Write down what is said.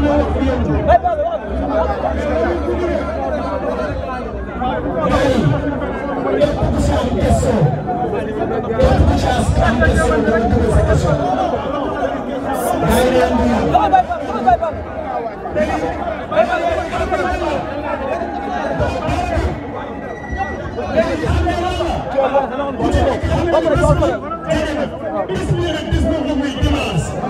Bismillahi Bismillahi Dimanche